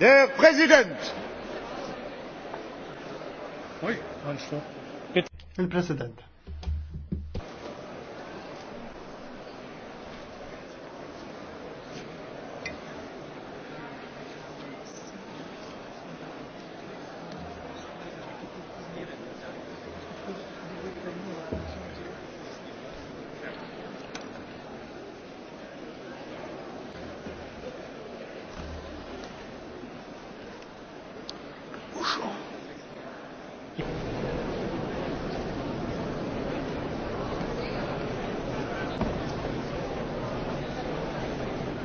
Der Präsident! Il-President. Muszą.